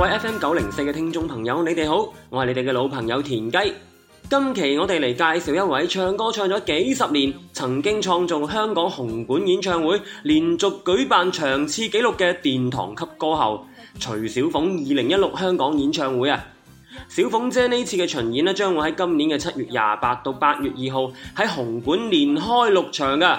各位 FM 九零四嘅聽眾朋友，你哋好，我係你哋嘅老朋友田雞。今期我哋嚟介紹一位唱歌唱咗幾十年，曾經創造香港紅館演唱會連續舉辦場次紀錄嘅殿堂級歌后徐小鳳。二零一六香港演唱會啊，小鳳姐呢次嘅巡演呢，將會喺今年嘅七月廿八到八月二號喺紅館連開六場嘅，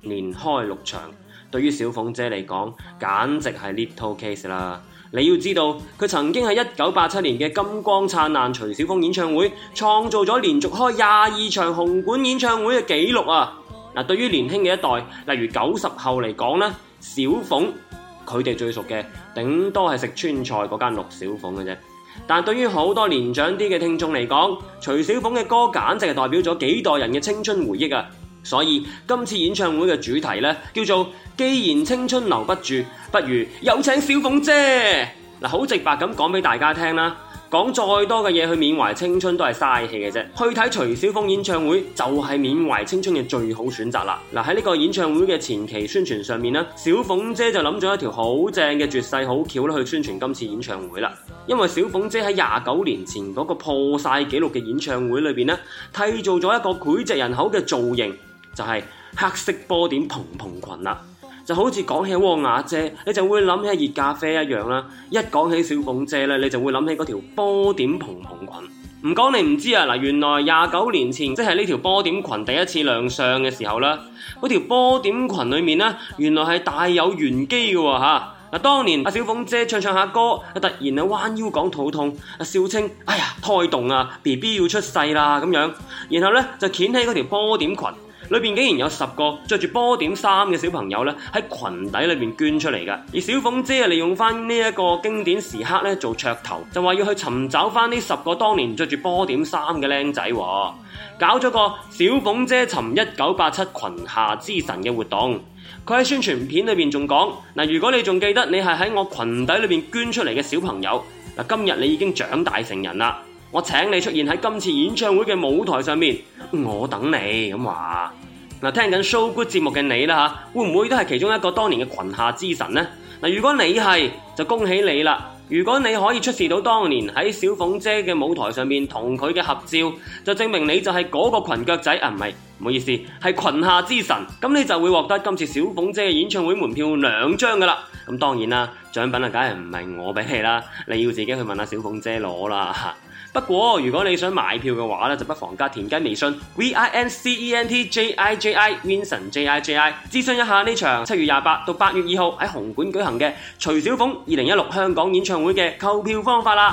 連開六場。對於小鳳姐嚟講，簡直係 little case 啦。你要知道，佢曾經喺一九八七年嘅金光燦爛徐小鳳演唱會創造咗連續開廿二場紅館演唱會嘅紀錄啊！嗱，對於年輕嘅一代，例如九十後嚟講咧，小鳳佢哋最熟嘅，頂多係食川菜嗰間陸小鳳嘅啫。但係對於好多年長啲嘅聽眾嚟講，徐小鳳嘅歌簡直係代表咗幾代人嘅青春回憶啊！所以今次演唱會嘅主題呢，叫做既然青春留不住，不如有請小鳳姐。好直白咁講畀大家聽啦，講再多嘅嘢去緬懷青春都係嘥氣嘅啫。去睇徐小鳳演唱會就係、是、緬懷青春嘅最好選擇啦。嗱，喺呢個演唱會嘅前期宣傳上面，小鳳姐就諗咗一條好正嘅絕世好橋去宣傳今次演唱會啦。因為小鳳姐喺廿九年前嗰個破晒紀錄嘅演唱會裏面呢，締造咗一個膾炙人口嘅造型。就係、是、黑色波點蓬蓬裙啦，就好似講起汪阿姐，你就會諗起熱咖啡一樣啦。一講起小鳳姐呢，你就會諗起嗰條波點蓬蓬裙。唔講你唔知呀，原原來廿九年前即係呢條波點裙第一次亮相嘅時候那，嗰條波點裙裏面呢，原來係大有玄機嘅。嗱，當年阿小鳳姐唱唱下歌，突然啊，彎腰講肚痛，笑稱：哎呀，胎動啊，B B 要出世啦咁樣。然後就掀起嗰條波點裙。裏面竟然有十個着住波點衫嘅小朋友咧，喺裙底裏面捐出嚟㗎。而小鳳姐利用返呢一個經典時刻呢，做噱頭，就話要去尋找返呢十個當年着住波點衫嘅靚仔，搞咗個小鳳姐尋一九八七裙下之臣嘅活動。佢喺宣傳片裏面仲講嗱，如果你仲記得你係喺我裙底裏面捐出嚟嘅小朋友，嗱，今日你已經長大成人啦。我請你出現喺今次演唱會嘅舞台上面，我等你咁話。聽緊《So Good》節目嘅你啦，會唔會都係其中一個當年嘅裙下之神呢？如果你係，就恭喜你啦。如果你可以出示到當年喺小鳳姐嘅舞台上面同佢嘅合照，就證明你就係嗰個裙腳仔啊，唔係。唔好意思，係群下之神，咁你就會獲得今次小鳳姐嘅演唱會門票兩張噶啦。咁當然啦，獎品啊，梗係唔係我俾你啦，你要自己去問下小鳳姐攞啦。不過如果你想買票嘅話咧，就不妨加田雞微信 v i n c e n t j i j i vincent j i j i 諮詢一下呢場七月廿八到八月二號喺紅館舉行嘅徐小鳳二零一六香港演唱會嘅購票方法啦。